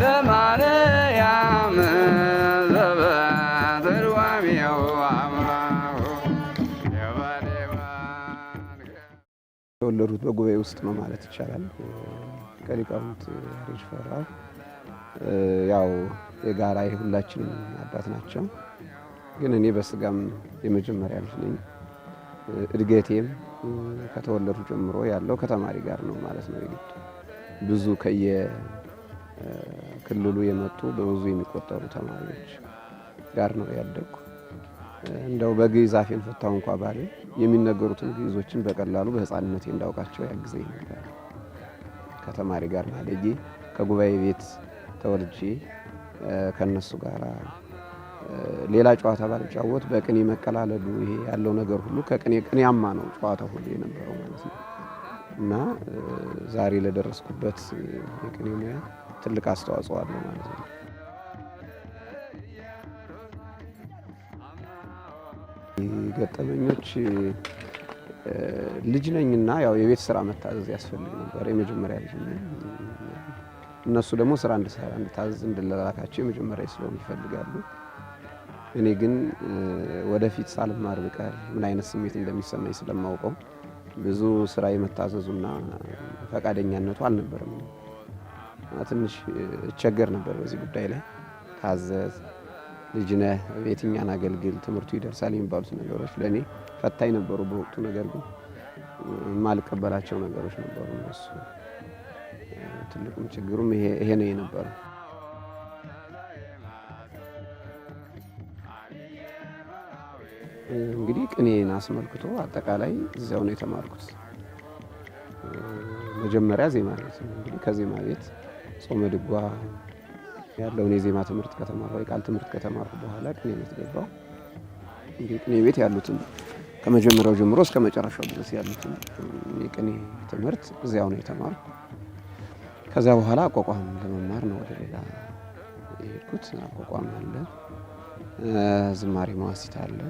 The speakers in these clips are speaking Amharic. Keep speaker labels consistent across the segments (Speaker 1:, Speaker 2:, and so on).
Speaker 1: የተወለዱት በጉባኤ ውስጥ ነው ማለት ይቻላል። ከሊቃውንት ልጅ ፈራው ያው የጋራ የሁላችንም አባት ናቸው። ግን እኔ በስጋም የመጀመሪያ ልጅ ነኝ። እድገቴም ከተወለዱ ጀምሮ ያለው ከተማሪ ጋር ነው ማለት ነው። የግድ ብዙ ከየ ክልሉ የመጡ በብዙ የሚቆጠሩ ተማሪዎች ጋር ነው ያደግኩ። እንደው በግዕዝ አፌን ፈታሁ እንኳ ባለ የሚነገሩትን ግዕዞችን በቀላሉ በህፃንነት እንዳውቃቸው ያግዘኝ ነበር። ከተማሪ ጋር ማደጌ ከጉባኤ ቤት ተወልጄ ከነሱ ጋር ሌላ ጨዋታ ባልጫወት በቅኔ መቀላለዱ ይሄ ያለው ነገር ሁሉ ከቅኔ ቅኔያማ ነው ጨዋታ ሁሉ የነበረው ማለት ነው እና ዛሬ ለደረስኩበት የቅኔ ሙያ ትልቅ አስተዋጽኦ አለው ማለት ነው። ገጠመኞች ልጅ ነኝና ያው የቤት ስራ መታዘዝ ያስፈልግ ነበር። የመጀመሪያ ልጅ እነሱ ደግሞ ስራ እንድሰራ እንድታዘዝ እንድለላካቸው የመጀመሪያ ስለሆኑ ይፈልጋሉ። እኔ ግን ወደፊት ሳልማር ብቀር ምን አይነት ስሜት እንደሚሰማኝ ስለማውቀው ብዙ ስራ የመታዘዙና ፈቃደኛነቱ አልነበርም። ትንሽ እቸገር ነበር በዚህ ጉዳይ ላይ ታዘዝ፣ ልጅነህ፣ የትኛን አገልግል፣ ትምህርቱ ይደርሳል የሚባሉት ነገሮች ለእኔ ፈታኝ ነበሩ በወቅቱ። ነገር ግን የማልቀበላቸው ነገሮች ነበሩ እነሱ። ትልቁም ችግሩም ይሄ ነው የነበረው። እንግዲህ ቅኔን አስመልክቶ አጠቃላይ እዚያው ነው የተማርኩት። መጀመሪያ ዜማ ቤት እንግዲህ ከዜማ ቤት ጾመ ድጓ ያለውን የዜማ ትምህርት ከተማርኩ የቃል ትምህርት ከተማርኩ በኋላ ቅኔ ቤት ገባሁ። እንግዲህ ቅኔ ቤት ያሉትን ከመጀመሪያው ጀምሮ እስከ መጨረሻው ድረስ ያሉትን የቅኔ ትምህርት እዚያው ነው የተማርኩ። ከዚያ በኋላ አቋቋም ለመማር ነው ወደ ሌላ የሄድኩት። አቋቋም አለ፣ ዝማሬ መዋሲት አለ።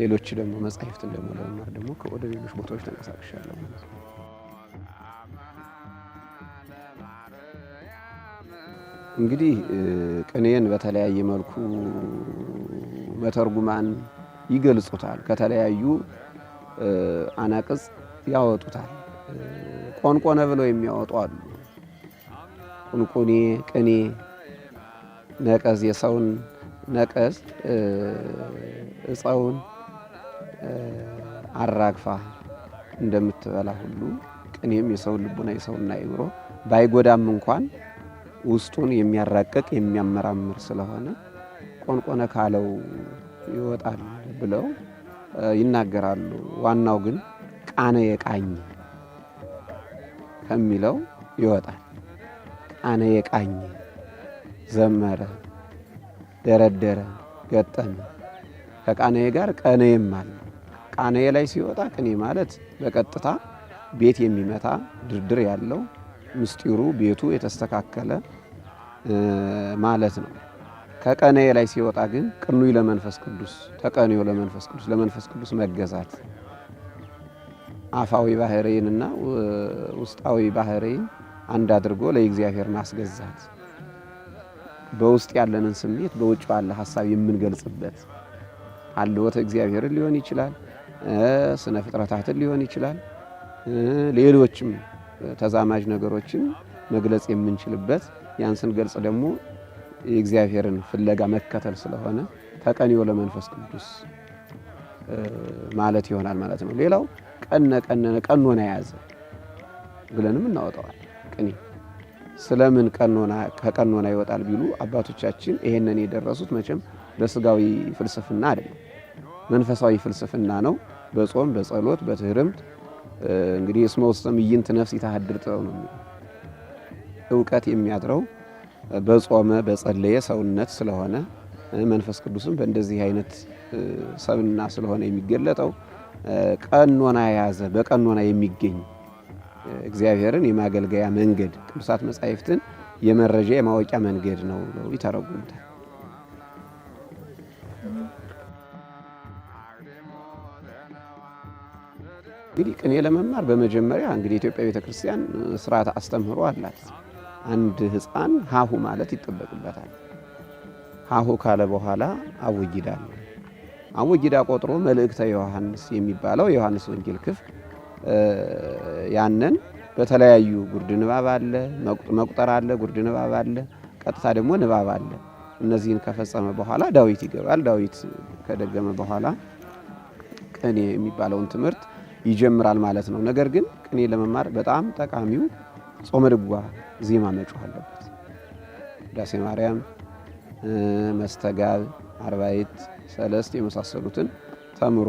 Speaker 1: ሌሎች ደግሞ መጽሐፍትን ደግሞ ለመማር ደግሞ ወደ ሌሎች ቦታዎች ተንቀሳቅሻለሁ ማለት ነው። እንግዲህ ቅኔን በተለያየ መልኩ መተርጉማን ይገልጹታል። ከተለያዩ አናቅጽ ያወጡታል። ቆንቆነ ብለው የሚያወጡ አሉ። ቁንቁኔ፣ ቅኔ፣ ነቀዝ የሰውን ነቀዝ እፀውን አራግፋ እንደምትበላ ሁሉ ቅኔም የሰውን ልቡና የሰውና ይምሮ ባይጎዳም እንኳን ውስጡን የሚያራቅቅ የሚያመራምር ስለሆነ ቆንቆነ ካለው ይወጣል ብለው ይናገራሉ። ዋናው ግን ቃነ የቃኝ ከሚለው ይወጣል። ቃነ የቃኝ ዘመረ፣ ደረደረ፣ ገጠመ ከቃነዬ ጋር ቀነዬም አለ። ቃነዬ ላይ ሲወጣ ቅኔ ማለት በቀጥታ ቤት የሚመታ ድርድር ያለው ምስጢሩ ቤቱ የተስተካከለ ማለት ነው። ከቀኔ ላይ ሲወጣ ግን ቅኑ ለመንፈስ ቅዱስ ተቀንዮ ለመንፈስ ቅዱስ ለመንፈስ ቅዱስ መገዛት አፋዊ ባህሬንና ውስጣዊ ባህሬን አንድ አድርጎ ለእግዚአብሔር ማስገዛት በውስጥ ያለንን ስሜት በውጭ ያለ ሀሳብ የምንገልጽበት አልወተ እግዚአብሔርን ሊሆን ይችላል፣ ስነ ፍጥረታትን ሊሆን ይችላል፣ ሌሎችም ተዛማጅ ነገሮችን መግለጽ የምንችልበት ያን ስንገልጽ ደግሞ የእግዚአብሔርን ፍለጋ መከተል ስለሆነ ተቀንዮ ለመንፈስ ቅዱስ ማለት ይሆናል ማለት ነው። ሌላው ቀነ ቀነነ ቀኖና የያዘ ብለንም እናወጣዋል። ቅኔ ስለምን ቀኖና ከቀኖና ይወጣል ቢሉ አባቶቻችን ይሄንን የደረሱት መቼም በስጋዊ ፍልስፍና አይደለም፣ መንፈሳዊ ፍልስፍና ነው። በጾም በጸሎት በትህርምት እንግዲህ እስመ ውስተ ምዕይንት ነፍስ ይታሃድር ጥበብ ነው። እውቀት የሚያጥረው በጾመ በጸለየ ሰውነት ስለሆነ መንፈስ ቅዱስም በእንደዚህ አይነት ሰብና ስለሆነ የሚገለጠው ቀኖና የያዘ በቀኖና የሚገኝ እግዚአብሔርን የማገልገያ መንገድ ቅዱሳት መጻሕፍትን የመረጃ የማወቂያ መንገድ ነው ይተረጉምታል። እንግዲህ ቅኔ ለመማር በመጀመሪያ እንግዲህ የኢትዮጵያ ቤተ ክርስቲያን ስርዓት አስተምህሮ አላት። አንድ ህፃን ሀሁ ማለት ይጠበቅበታል። ሀሁ ካለ በኋላ አቡጊዳ ነው። አቡጊዳ ቆጥሮ መልእክተ ዮሐንስ የሚባለው የዮሐንስ ወንጌል ክፍል ያንን በተለያዩ ጉርድ ንባብ አለ፣ መቁጠር አለ፣ ጉርድ ንባብ አለ፣ ቀጥታ ደግሞ ንባብ አለ። እነዚህን ከፈጸመ በኋላ ዳዊት ይገባል። ዳዊት ከደገመ በኋላ ቅኔ የሚባለውን ትምህርት ይጀምራል ማለት ነው። ነገር ግን ቅኔ ለመማር በጣም ጠቃሚው ጾመ ድጓ ዜማ መጮህ አለበት። ውዳሴ ማርያም፣ መስተጋብ፣ አርባይት ሰለስት የመሳሰሉትን ተምሮ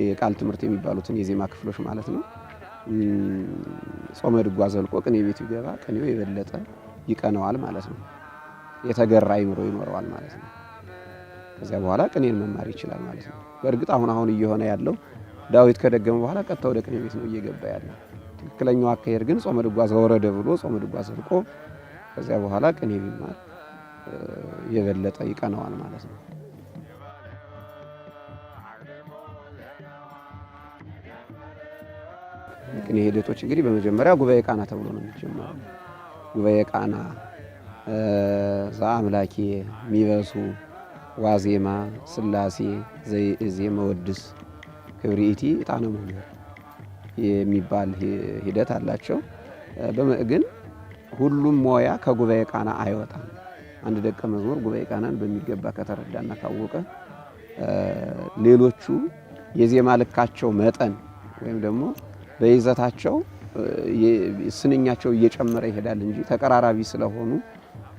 Speaker 1: የቃል ትምህርት የሚባሉትን የዜማ ክፍሎች ማለት ነው። ጾመ ድጓ ዘልቆ ቅኔ ቤቱ ይገባ፣ ቅኔው የበለጠ ይቀነዋል ማለት ነው። የተገራ አይምሮ ይኖረዋል ማለት ነው። ከዚያ በኋላ ቅኔን መማር ይችላል ማለት ነው። በእርግጥ አሁን አሁን እየሆነ ያለው ዳዊት ከደገመ በኋላ ቀጥታ ወደ ቅኔ ቤት ነው እየገባ ያለ። ትክክለኛው አካሄድ ግን ጾመ ድጓ ወረደ ብሎ ጾመ ድጓስ አድርቆ ከዚያ በኋላ ቅኔ ቢማር የበለጠ ይቀነዋል ማለት ነው። ቅኔ ሂደቶች እንግዲህ በመጀመሪያ ጉባኤ ቃና ተብሎ ነው የሚጀመረው። ጉባኤ ቃና፣ ዘአምላኬ፣ ሚበሱ፣ ዋዜማ፣ ስላሴ፣ ዘይእዜ፣ መወድስ ህብሪቲ እጣነ መሆን የሚባል ሂደት አላቸው። ግን ሁሉም ሞያ ከጉባኤ ቃና አይወጣም። አንድ ደቀ መዝሙር ጉባኤ ቃናን በሚገባ ከተረዳና ካወቀ ሌሎቹ የዜማ ልካቸው መጠን ወይም ደግሞ በይዘታቸው ስንኛቸው እየጨመረ ይሄዳል እንጂ ተቀራራቢ ስለሆኑ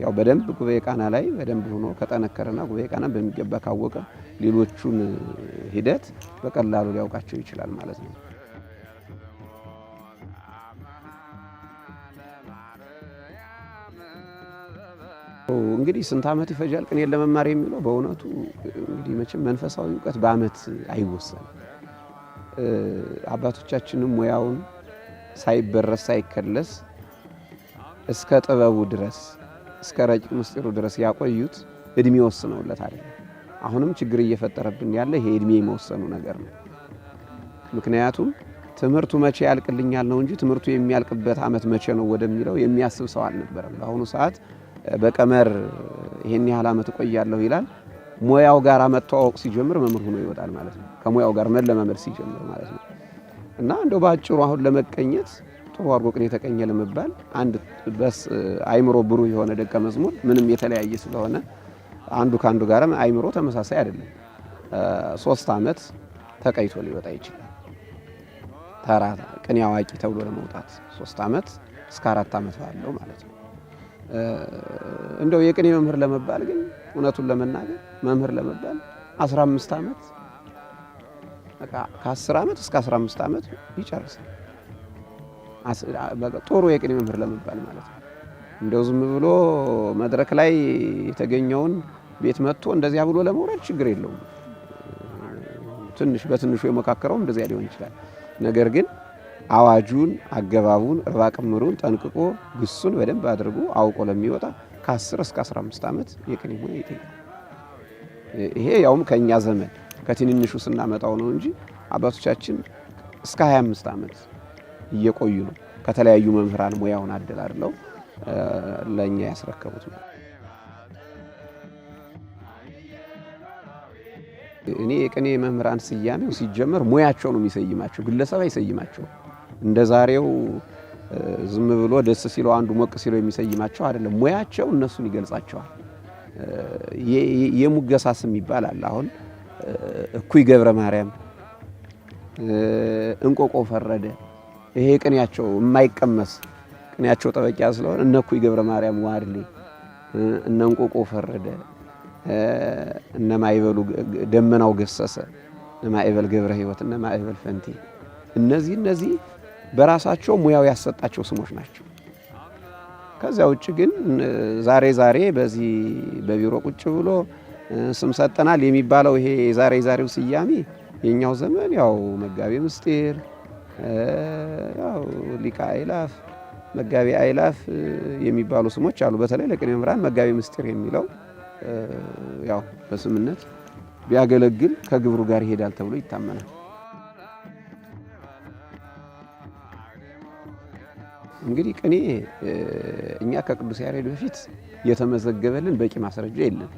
Speaker 1: ያው በደንብ ጉባኤ ቃና ላይ በደንብ ሆኖ ከጠነከረና ጉባኤ ቃናን በሚገባ ካወቀ ሌሎቹን ሂደት በቀላሉ ሊያውቃቸው ይችላል ማለት ነው። እንግዲህ ስንት ዓመት ይፈጃል ቅኔ ለመማር የሚለው በእውነቱ እንግዲህ መቼም መንፈሳዊ እውቀት በዓመት አይወሰንም። አባቶቻችንም ሙያውን ሳይበረስ ሳይከለስ እስከ ጥበቡ ድረስ እስከ ረቂቅ ምስጢሩ ድረስ ያቆዩት እድሜ ወስነውለት አይደለም። አሁንም ችግር እየፈጠረብን ያለ ይሄ እድሜ የመወሰኑ ነገር ነው። ምክንያቱም ትምህርቱ መቼ ያልቅልኛል ነው እንጂ ትምህርቱ የሚያልቅበት አመት መቼ ነው ወደሚለው የሚያስብ ሰው አልነበረም። በአሁኑ ሰዓት በቀመር ይሄን ያህል አመት እቆያለሁ ይላል። ሙያው ጋር መተዋወቅ ሲጀምር መምህር ሆኖ ይወጣል ማለት ነው። ከሙያው ጋር መለማመድ ሲጀምር ማለት ነው። እና እንደው በአጭሩ አሁን ለመቀኘት ጥሩ አድርጎ ቅኔ የተቀኘ ለመባል አንድ በስ አይምሮ ብሩህ የሆነ ደቀ መዝሙር ምንም የተለያየ ስለሆነ አንዱ ከአንዱ ጋርም አይምሮ ተመሳሳይ አይደለም። ሶስት አመት ተቀይቶ ሊወጣ ይችላል። ተራ ቅኔ አዋቂ ተብሎ ለመውጣት ሶስት አመት እስከ አራት ዓመት ባለው ማለት ነው። እንደው የቅኔ መምህር ለመባል ግን እውነቱን ለመናገር መምህር ለመባል 15 ዓመት ከ10 ዓመት እስከ 15 አመት ይጨርሳል። ጥሩ የቅኔ መምህር ለመባል ማለት ነው። እንደው ዝም ብሎ መድረክ ላይ የተገኘውን ቤት መጥቶ እንደዚያ ብሎ ለመውረድ ችግር የለውም። ትንሽ በትንሹ የመካከረው እንደዚያ ሊሆን ይችላል። ነገር ግን አዋጁን፣ አገባቡን፣ እርባ ቅምሩን ጠንቅቆ ግሱን በደንብ አድርጎ አውቆ ለሚወጣ ከ10 እስከ 15 ዓመት የቅኔ ሙያ ይጠይቃል። ይሄ ያውም ከእኛ ዘመን ከትንንሹ ስናመጣው ነው እንጂ አባቶቻችን እስከ 25 ዓመት እየቆዩ ነው ከተለያዩ መምህራን ሙያውን አደላድለው ለእኛ ያስረከቡት ነው። እኔ የቅኔ መምህራን ስያሜው ሲጀመር ሙያቸው ነው የሚሰይማቸው፣ ግለሰብ አይሰይማቸው። እንደ ዛሬው ዝም ብሎ ደስ ሲለው አንዱ ሞቅ ሲለው የሚሰይማቸው አይደለም። ሙያቸው እነሱን ይገልጻቸዋል። የሙገሳስ የሚባል አለ። አሁን እኩይ ገብረ ማርያም፣ እንቆቆ ፈረደ ይሄ ቅኔያቸው የማይቀመስ ቅኔያቸው ጠበቂያ ስለሆነ እነ እኩይ ገብረ ማርያም ዋድሌ፣ እነ እንቆቆ ፈረደ እነ ደመናው ገሰሰ፣ እነ ገብረ ሕይወት፣ እነ ማይበል ፈንቲ እነዚህ እነዚህ በራሳቸው ሙያው ያሰጣቸው ስሞች ናቸው። ከዚያ ውጭ ግን ዛሬ ዛሬ በዚህ በቢሮ ቁጭ ብሎ ስም ሰጠናል የሚባለው ይሄ የዛሬ ዛሬው ስያሜ የኛው ዘመን ያው መጋቤ ምስጢር ያው ሊቀ አይላፍ መጋቤ አእላፍ የሚባሉ ስሞች አሉ። በተለይ ለቅኔ መምህራን መጋቤ ምስጢር የሚለው ያው በስምነት ቢያገለግል ከግብሩ ጋር ይሄዳል ተብሎ ይታመናል። እንግዲህ ቅኔ እኛ ከቅዱስ ያሬድ በፊት የተመዘገበልን በቂ ማስረጃ የለም።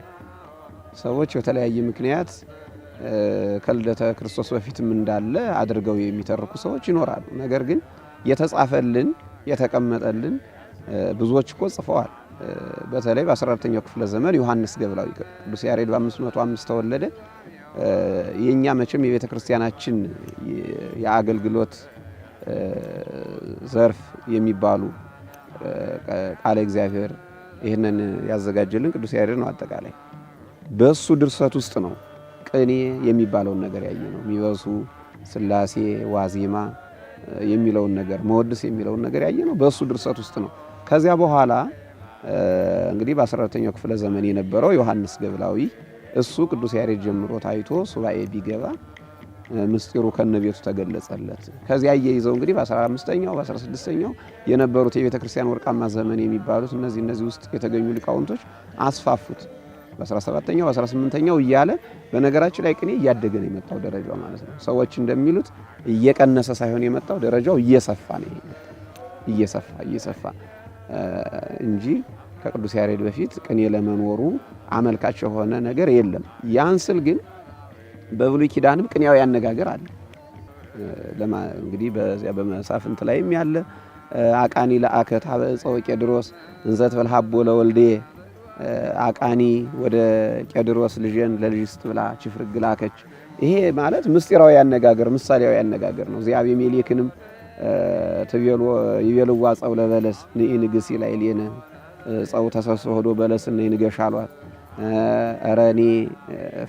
Speaker 1: ሰዎች በተለያየ ምክንያት ከልደተ ክርስቶስ በፊትም እንዳለ አድርገው የሚተርኩ ሰዎች ይኖራሉ። ነገር ግን የተጻፈልን የተቀመጠልን ብዙዎች እኮ ጽፈዋል። በተለይ በ14ኛው ክፍለ ዘመን ዮሐንስ ገብላዊ ቅዱስ ያሬድ በ505 ተወለደ። የእኛ መቼም የቤተ ክርስቲያናችን የአገልግሎት ዘርፍ የሚባሉ ቃለ እግዚአብሔር ይህንን ያዘጋጀልን ቅዱስ ያሬድ ነው። አጠቃላይ በእሱ ድርሰት ውስጥ ነው ቅኔ የሚባለውን ነገር ያየ ነው። ሚበሱ ስላሴ፣ ዋዜማ የሚለውን ነገር መወድስ የሚለውን ነገር ያየ ነው በእሱ ድርሰት ውስጥ ነው። ከዚያ በኋላ እንግዲህ በ14ተኛው ክፍለ ዘመን የነበረው ዮሐንስ ገብላዊ እሱ ቅዱስ ያሬድ ጀምሮ ታይቶ ሱባኤ ቢገባ ምስጢሩ ከነቤቱ ተገለጸለት። ከዚያ እየይዘው እንግዲህ በ15ኛው በ16ኛው የነበሩት የቤተ ክርስቲያን ወርቃማ ዘመን የሚባሉት እነዚህ እነዚህ ውስጥ የተገኙ ሊቃውንቶች አስፋፉት። በ17ኛው በ18ኛው እያለ በነገራችን ላይ ቅኔ እያደገ ነው የመጣው ደረጃው ማለት ነው። ሰዎች እንደሚሉት እየቀነሰ ሳይሆን የመጣው ደረጃው እየሰፋ ነው እየሰፋ እየሰፋ እንጂ ከቅዱስ ያሬድ በፊት ቅኔ ለመኖሩ አመልካች የሆነ ነገር የለም። ያን ስል ግን በብሉይ ኪዳንም ቅኔያዊ አነጋገር አለ። እንግዲህ በዚያ በመሳፍንት ላይም ያለ አቃኒ ለአከት ሀበ እፀወ ቄድሮስ እንዘት በል ሀቦ ለወልዴ አቃኒ ወደ ቄድሮስ ልጄን ለልጅ ስትብላ ችፍርግ ላከች። ይሄ ማለት ምስጢራዊ አነጋገር ምሳሌያዊ አነጋገር ነው። እዚያ አቤሜሌክንም ይቤልዋ ጸው ለበለስ ንኢ ንግስ ይላይል የነ ጸው ተሰብስቦ በለስ ነይ ንገሻ አሏት። ኧረ እኔ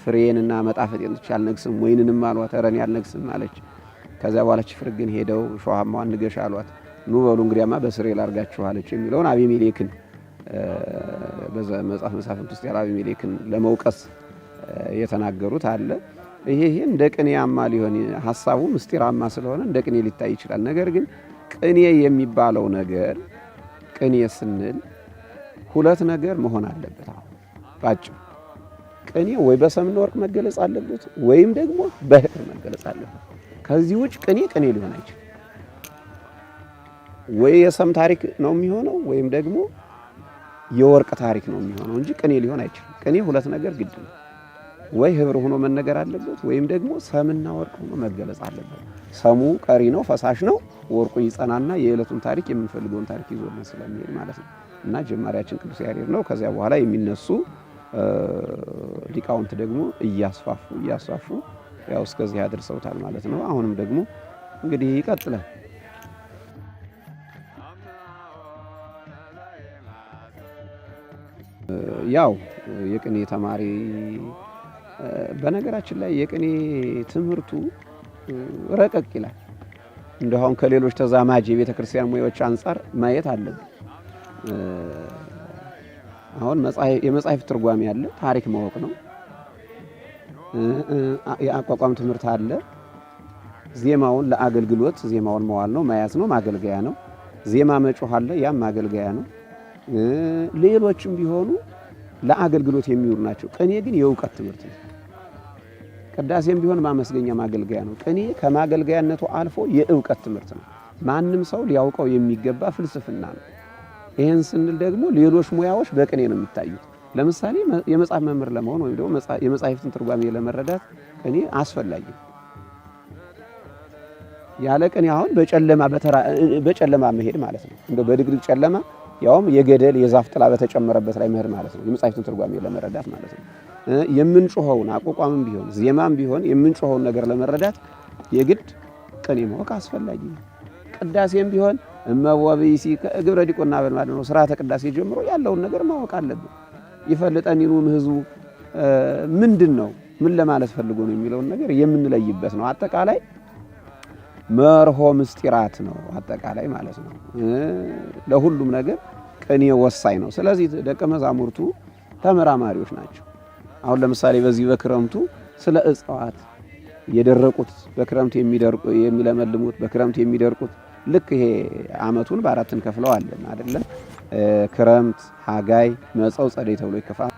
Speaker 1: ፍሬዬንና መጣፈጤን ትቼ አልነግስም፣ ወይንንም አሏት። ኧረ እኔ አልነግስም አለች። ከዚያ በኋላ ችፍርግ ግን ሄደው ሸዋማዋን ንገሻ አሏት። ኑ በሉ እንግዲያማ በስሬ ላርጋችሁ አለች የሚለውን አቢሜሌክን በመጽሐፍ መሳፍንት ውስጥ ያለ አቢሜሌክን ለመውቀስ የተናገሩት አለ። ይሄ ይሄ እንደ ቅኔያማ ሊሆን ሀሳቡ ምስጢራማ ስለሆነ እንደ ቅኔ ሊታይ ይችላል። ነገር ግን ቅኔ የሚባለው ነገር ቅኔ ስንል ሁለት ነገር መሆን አለበት። አሁን ባጭሩ ቅኔ ወይ በሰምን ወርቅ መገለጽ አለበት ወይም ደግሞ በህር መገለጽ አለበት። ከዚህ ውጭ ቅኔ ቅኔ ሊሆን አይችልም። ወይ የሰም ታሪክ ነው የሚሆነው ወይም ደግሞ የወርቅ ታሪክ ነው የሚሆነው እንጂ ቅኔ ሊሆን አይችልም። ቅኔ ሁለት ነገር ግድ ነው። ወይ ህብር ሆኖ መነገር አለበት ወይም ደግሞ ሰምና ወርቅ ሆኖ መገለጽ አለበት። ሰሙ ቀሪ ነው፣ ፈሳሽ ነው። ወርቁ ይጸናና የዕለቱን ታሪክ የምንፈልገውን ታሪክ ይዞልን ስለሚሄድ ማለት ነው እና ጀማሪያችን ቅዱስ ያሬድ ነው። ከዚያ በኋላ የሚነሱ ሊቃውንት ደግሞ እያስፋፉ እያስፋፉ ያው እስከዚህ አድርሰውታል ማለት ነው። አሁንም ደግሞ እንግዲህ ይቀጥላል። ያው የቅኔ ተማሪ በነገራችን ላይ የቅኔ ትምህርቱ ረቀቅ ይላል። እንደ ከሌሎች ተዛማጅ የቤተ ክርስቲያን ሙያዎች አንጻር ማየት አለብን። አሁን የመጽሐፍ ትርጓሜ አለ፣ ታሪክ ማወቅ ነው። የአቋቋም ትምህርት አለ። ዜማውን ለአገልግሎት ዜማውን መዋል ነው፣ ማያዝ ነው፣ ማገልገያ ነው። ዜማ መጮህ አለ፣ ያም ማገልገያ ነው። ሌሎችም ቢሆኑ ለአገልግሎት የሚውሉ ናቸው። ቅኔ ግን የእውቀት ትምህርት ነው። ቅዳሴም ቢሆን ማመስገኛ ማገልገያ ነው። ቅኔ ከማገልገያነቱ አልፎ የእውቀት ትምህርት ነው። ማንም ሰው ሊያውቀው የሚገባ ፍልስፍና ነው። ይህን ስንል ደግሞ ሌሎች ሙያዎች በቅኔ ነው የሚታዩት። ለምሳሌ የመጽሐፍ መምህር ለመሆን ወይም ደግሞ የመጽሐፍትን ትርጓሜ ለመረዳት ቅኔ አስፈላጊ ነው። ያለ ቅኔ አሁን በጨለማ መሄድ ማለት ነው። እንደ በድግድግ ጨለማ ያውም የገደል የዛፍ ጥላ በተጨመረበት ላይ መሄድ ማለት ነው። የመጽሐፍቱን ትርጓሜ ለመረዳት ማለት ነው። የምንጮኸውን አቋቋምም ቢሆን ዜማም ቢሆን የምንጮኸውን ነገር ለመረዳት የግድ ቅኔ ማወቅ አስፈላጊ ነው። ቅዳሴም ቢሆን እመዋቢሲ ከእግብረ ዲቆና በልማድ ነው። ስርዓተ ቅዳሴ ጀምሮ ያለውን ነገር ማወቅ አለብን። ይፈልጠኒኑ ምህዙ ምንድን ነው ምን ለማለት ፈልጎ ነው የሚለውን ነገር የምንለይበት ነው አጠቃላይ መርሆ ምስጢራት ነው አጠቃላይ ማለት ነው። ለሁሉም ነገር ቅኔ ወሳኝ ነው። ስለዚህ ደቀ መዛሙርቱ ተመራማሪዎች ናቸው። አሁን ለምሳሌ በዚህ በክረምቱ ስለ እጽዋት የደረቁት በክረምት የሚለመልሙት በክረምት የሚደርቁት ልክ ይሄ አመቱን በአራት እንከፍለዋለን አይደለም? ክረምት፣ ሀጋይ፣ መጸው፣ ጸደይ ተብሎ ይከፋል።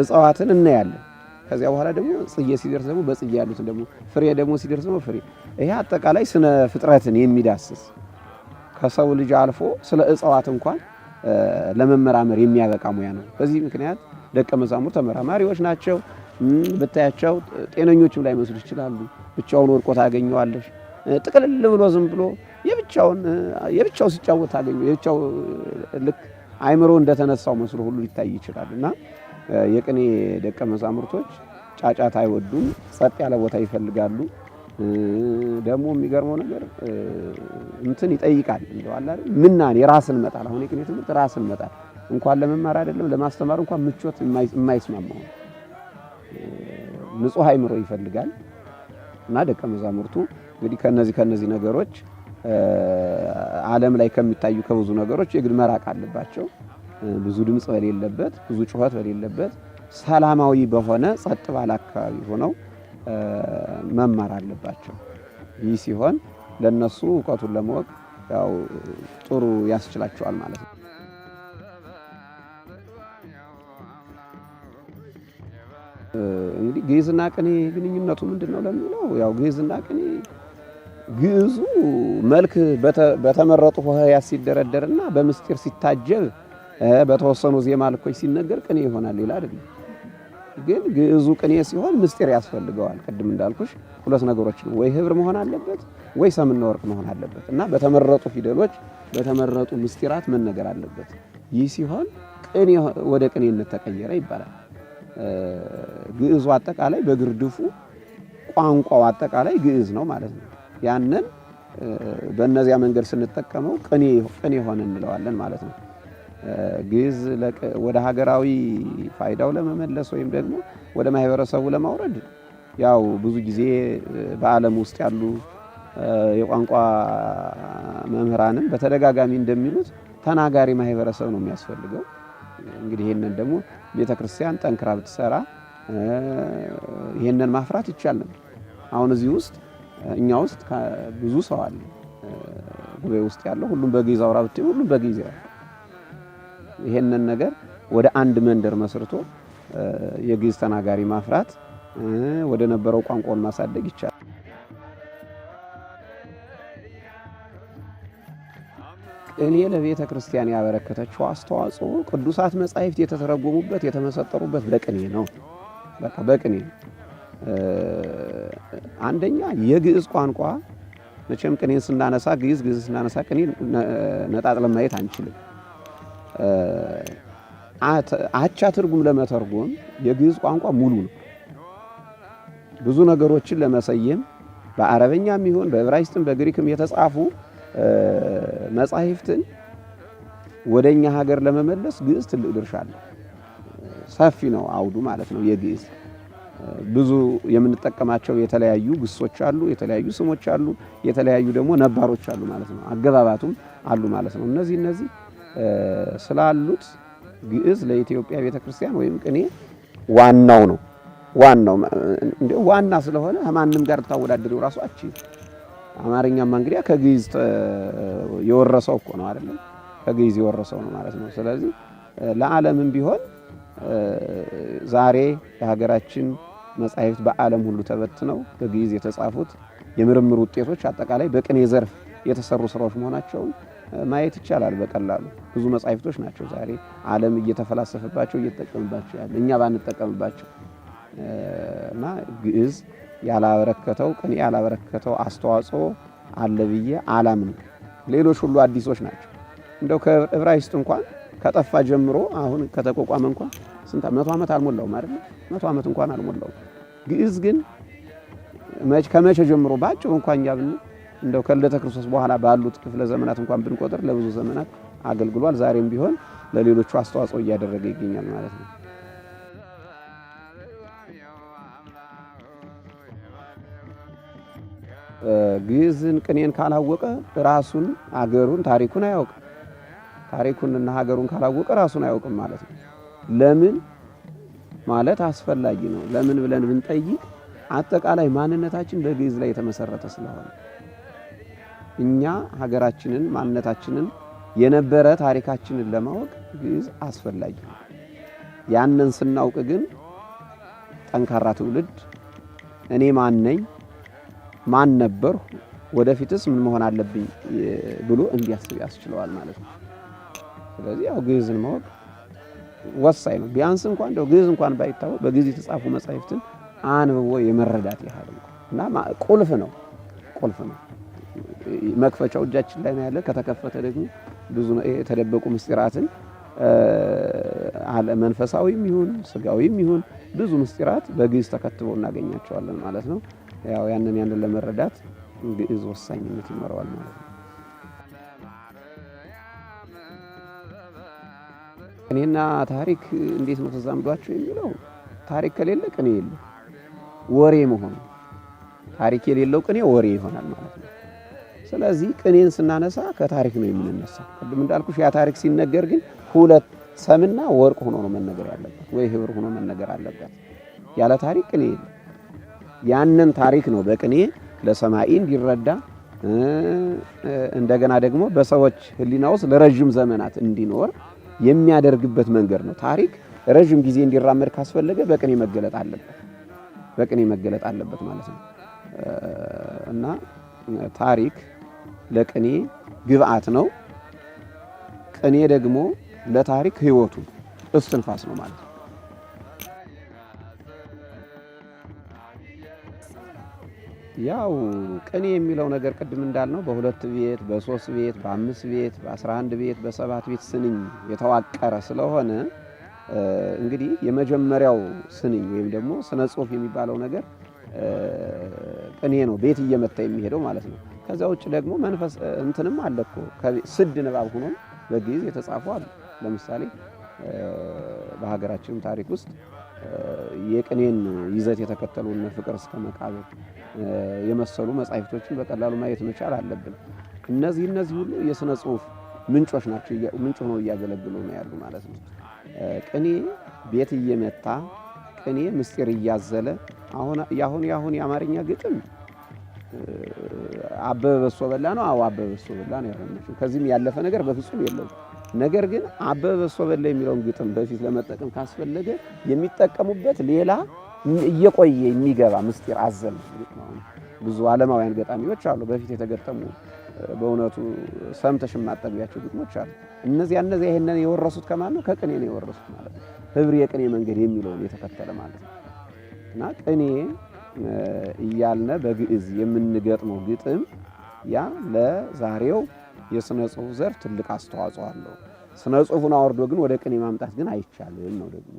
Speaker 1: እጽዋትን እናያለን። ከዚያ በኋላ ደግሞ ጽጌ ሲደርስ ደግሞ በጽጌ ያሉትን ደግሞ ፍሬ ደግሞ ሲደርስ ደግሞ ፍሬ። ይሄ አጠቃላይ ስነ ፍጥረትን የሚዳስስ ከሰው ልጅ አልፎ ስለ እጽዋት እንኳን ለመመራመር የሚያበቃ ሙያ ነው። በዚህ ምክንያት ደቀ መዛሙር ተመራማሪዎች ናቸው። ብታያቸው ጤነኞችም ላይ መስሉ ይችላሉ። ብቻውን ወድቆ ታገኘዋለሽ። ጥቅልል ብሎ ዝም ብሎ የብቻውን የብቻው ሲጫወት ታገኘ የብቻው ልክ አይምሮ እንደተነሳው መስሎ ሁሉ ሊታይ ይችላል እና የቅኔ ደቀ መዛሙርቶች ጫጫት አይወዱም፣ ጸጥ ያለ ቦታ ይፈልጋሉ። ደግሞ የሚገርመው ነገር እንትን ይጠይቃል ይለዋል ምናን የራስን መጣል። አሁን የቅኔ ትምህርት ራስን መጣል እንኳን ለመማር አይደለም ለማስተማር እንኳን ምቾት የማይስማማው ንጹህ አይምሮ ይፈልጋል። እና ደቀ መዛሙርቱ እንግዲህ ከነዚህ ከነዚህ ነገሮች ዓለም ላይ ከሚታዩ ከብዙ ነገሮች የግድ መራቅ አለባቸው። ብዙ ድምፅ በሌለበት ብዙ ጩኸት በሌለበት ሰላማዊ በሆነ ጸጥ ባለ አካባቢ ሆነው መማር አለባቸው። ይህ ሲሆን ለነሱ እውቀቱን ለማወቅ ያው ጥሩ ያስችላቸዋል ማለት ነው። እንግዲህ ግዕዝና ቅኔ ግንኙነቱ ምንድን ነው ለሚለው ያው ግዕዝና ቅኔ ግዕዙ መልክ በተመረጡ ሆሄያት ሲደረደርና በምስጢር ሲታጀብ በተወሰኑ ዜማ ልኮች ሲነገር ቅኔ ይሆናል። ሌላ አይደለም። ግን ግዕዙ ቅኔ ሲሆን ምስጢር ያስፈልገዋል። ቅድም እንዳልኩሽ ሁለት ነገሮች ነው፣ ወይ ህብር መሆን አለበት፣ ወይ ሰምና ወርቅ መሆን አለበት እና በተመረጡ ፊደሎች በተመረጡ ምስጢራት መነገር አለበት። ይህ ሲሆን ቅኔ ወደ ቅኔነት ተቀየረ ይባላል። ግዕዙ አጠቃላይ በግርድፉ ቋንቋው አጠቃላይ ግዕዝ ነው ማለት ነው። ያንን በእነዚያ መንገድ ስንጠቀመው ቅኔ ሆነ እንለዋለን ማለት ነው። ግዕዝ ወደ ሀገራዊ ፋይዳው ለመመለስ ወይም ደግሞ ወደ ማህበረሰቡ ለማውረድ ያው ብዙ ጊዜ በዓለም ውስጥ ያሉ የቋንቋ መምህራንም በተደጋጋሚ እንደሚሉት ተናጋሪ ማህበረሰብ ነው የሚያስፈልገው። እንግዲህ ይህንን ደግሞ ቤተ ክርስቲያን ጠንክራ ብትሰራ ይህንን ማፍራት ይቻል ነበር። አሁን እዚህ ውስጥ እኛ ውስጥ ብዙ ሰው አለ። ጉባኤ ውስጥ ያለው ሁሉም በግዕዝ አውራ ብትይ ሁሉም በጊዜ ያለ ይሄንን ነገር ወደ አንድ መንደር መስርቶ የግዕዝ ተናጋሪ ማፍራት ወደ ነበረው ቋንቋውን ማሳደግ ይቻላል። ቅኔ ለቤተ ክርስቲያን ያበረከተችው አስተዋጽኦ ቅዱሳት መጻሕፍት የተተረጎሙበት የተመሰጠሩበት በቅኔ ነው። በቃ በቅኔ አንደኛ የግዕዝ ቋንቋ መቼም ቅኔን ስናነሳ ግዕዝ ግዕዝ ስናነሳ ቅኔ ነጣጥለን ማየት አንችልም። አቻ ትርጉም ለመተርጎም የግዕዝ ቋንቋ ሙሉ ነው። ብዙ ነገሮችን ለመሰየም በአረበኛም ይሁን በዕብራይስትም በግሪክም የተጻፉ መጻሕፍትን ወደ እኛ ሀገር ለመመለስ ግዕዝ ትልቅ ድርሻ አለ። ሰፊ ነው አውዱ ማለት ነው። የግዕዝ ብዙ የምንጠቀማቸው የተለያዩ ግሶች አሉ፣ የተለያዩ ስሞች አሉ፣ የተለያዩ ደግሞ ነባሮች አሉ ማለት ነው። አገባባቱም አሉ ማለት ነው። እነዚህ እነዚህ ስላሉት ግዕዝ ለኢትዮጵያ ቤተ ክርስቲያን ወይም ቅኔ ዋናው ነው። ዋናው እንደ ዋና ስለሆነ ከማንም ጋር ታወዳድረው ራሱ አቺ አማርኛማ እንግዲያ ከግዕዝ የወረሰው እኮ ነው አይደለም? ከግዕዝ የወረሰው ነው ማለት ነው። ስለዚህ ለዓለምም ቢሆን ዛሬ የሀገራችን መጻሕፍት በዓለም ሁሉ ተበትነው በግዕዝ የተጻፉት የምርምር ውጤቶች አጠቃላይ በቅኔ ዘርፍ የተሰሩ ስራዎች መሆናቸውን ማየት ይቻላል። በቀላሉ ብዙ መጻሕፍቶች ናቸው ዛሬ ዓለም እየተፈላሰፈባቸው እየተጠቀምባቸው ያለ እኛ ባንጠቀምባቸው እና ግዕዝ ያላበረከተው ቅኔ ያላበረከተው አስተዋጽኦ አለ ብዬ አላምንም። ሌሎች ሁሉ አዲሶች ናቸው። እንደው ከዕብራይስጥ እንኳን ከጠፋ ጀምሮ አሁን ከተቋቋመ እንኳን ስንት መቶ ዓመት አልሞላውም አይደል? መቶ ዓመት እንኳን አልሞላውም። ግዕዝ ግን ከመቼ ጀምሮ በአጭሩ እንኳን እኛ ብንል እንደው ከልደተ ክርስቶስ በኋላ ባሉት ክፍለ ዘመናት እንኳን ብንቆጥር ለብዙ ዘመናት አገልግሏል። ዛሬም ቢሆን ለሌሎቹ አስተዋጽኦ እያደረገ ይገኛል ማለት ነው። ግዕዝን፣ ቅኔን ካላወቀ ራሱን አገሩን፣ ታሪኩን አያውቅም። ታሪኩን እና ሀገሩን ካላወቀ ራሱን አያውቅም ማለት ነው። ለምን ማለት አስፈላጊ ነው። ለምን ብለን ብንጠይቅ አጠቃላይ ማንነታችን በግዕዝ ላይ የተመሰረተ ስለሆነ እኛ ሀገራችንን ማንነታችንን የነበረ ታሪካችንን ለማወቅ ግዕዝ አስፈላጊ ነው። ያንን ስናውቅ ግን ጠንካራ ትውልድ እኔ ማን ነኝ፣ ማን ነበርሁ፣ ወደፊትስ ምን መሆን አለብኝ ብሎ እንዲያስብ ያስችለዋል ማለት ነው። ስለዚህ ያው ግዕዝን ማወቅ ወሳኝ ነው። ቢያንስ እንኳን እንደው ግዕዝ እንኳን ባይታወቅ በግዕዝ የተጻፉ መጻሕፍትን አንብቦ የመረዳት ያህል እና ቁልፍ ነው ቁልፍ ነው። መክፈቻው እጃችን ላይ ነው ያለ። ከተከፈተ ደግሞ ብዙ የተደበቁ ምስጢራትን መንፈሳዊም ይሁን ስጋዊም ይሁን ብዙ ምስጢራት በግዕዝ ተከትበው እናገኛቸዋለን ማለት ነው። ያው ያንን ያንን ለመረዳት ግዕዝ ወሳኝነት ይኖረዋል ማለት ነው። እኔና ታሪክ እንዴት ነው ተዛምዷቸው የሚለው ታሪክ ከሌለ ቅኔ የለም፣ ወሬ መሆኑ። ታሪክ የሌለው ቅኔ ወሬ ይሆናል ማለት ነው። ስለዚህ ቅኔን ስናነሳ ከታሪክ ነው የምንነሳ። ቅድም እንዳልኩሽ ያ ታሪክ ሲነገር ግን ሁለት ሰምና ወርቅ ሆኖ ነው መነገር ያለበት፣ ወይ ህብር ሆኖ መነገር አለበት። ያለ ታሪክ ቅኔ የለም። ያንን ታሪክ ነው በቅኔ ለሰማይ እንዲረዳ እንደገና ደግሞ በሰዎች ህሊና ውስጥ ለረዥም ዘመናት እንዲኖር የሚያደርግበት መንገድ ነው። ታሪክ ረዥም ጊዜ እንዲራመድ ካስፈለገ በቅኔ መገለጥ አለበት፣ በቅኔ መገለጥ አለበት ማለት ነው እና ታሪክ ለቅኔ ግብአት ነው። ቅኔ ደግሞ ለታሪክ ህይወቱ እስትንፋስ ነው ማለት ነው። ያው ቅኔ የሚለው ነገር ቅድም እንዳልነው በሁለት ቤት፣ በሶስት ቤት፣ በአምስት ቤት፣ በአስራ አንድ ቤት፣ በሰባት ቤት ስንኝ የተዋቀረ ስለሆነ እንግዲህ የመጀመሪያው ስንኝ ወይም ደግሞ ስነ ጽሁፍ የሚባለው ነገር ቅኔ ነው። ቤት እየመታ የሚሄደው ማለት ነው። ከዛ ውጭ ደግሞ መንፈስ እንትንም አለ እኮ ስድ ንባብ ሆኖ በግዕዝ የተጻፉ አሉ። ለምሳሌ በሀገራችን ታሪክ ውስጥ የቅኔን ይዘት የተከተሉና ፍቅር እስከ መቃብር የመሰሉ መጻሕፍቶችን በቀላሉ ማየት መቻል አለብን። እነዚህ እነዚህ ሁሉ የሥነ ጽሑፍ ምንጮች ናቸው። ምንጭ ሆነው እያገለግሉ ነው ያሉ ማለት ነው። ቅኔ ቤት እየመታ ቅኔ ምስጢር እያዘለ አሁን ያሁን የአማርኛ ግጥም አበበ በሶ በላ ነው። አዎ አበበ በሶ በላ ነው ያረመችው። ከዚህም ያለፈ ነገር በፍጹም የለውም። ነገር ግን አበበ በሶ በላ የሚለውን ግጥም በፊት ለመጠቀም ካስፈለገ የሚጠቀሙበት ሌላ እየቆየ የሚገባ ምስጢር አዘል ብዙ ዓለማውያን ገጣሚዎች አሉ። በፊት የተገጠሙ በእውነቱ ሰምተሽ የማጠቢያቸው ግጥሞች አሉ። እነዚያ እነዚያ ይህንን የወረሱት ከማን ነው? ከቅኔ ነው የወረሱት ማለት ነው። ህብር የቅኔ መንገድ የሚለውን የተከተለ ማለት ነው እና ቅኔ እያልነ በግዕዝ የምንገጥመው ግጥም ያ ለዛሬው የሥነ ጽሑፍ ዘርፍ ትልቅ አስተዋጽኦ አለው። ስነ ጽሑፉን አወርዶ ግን ወደ ቅኔ ማምጣት ግን አይቻልም ነው ደግሞ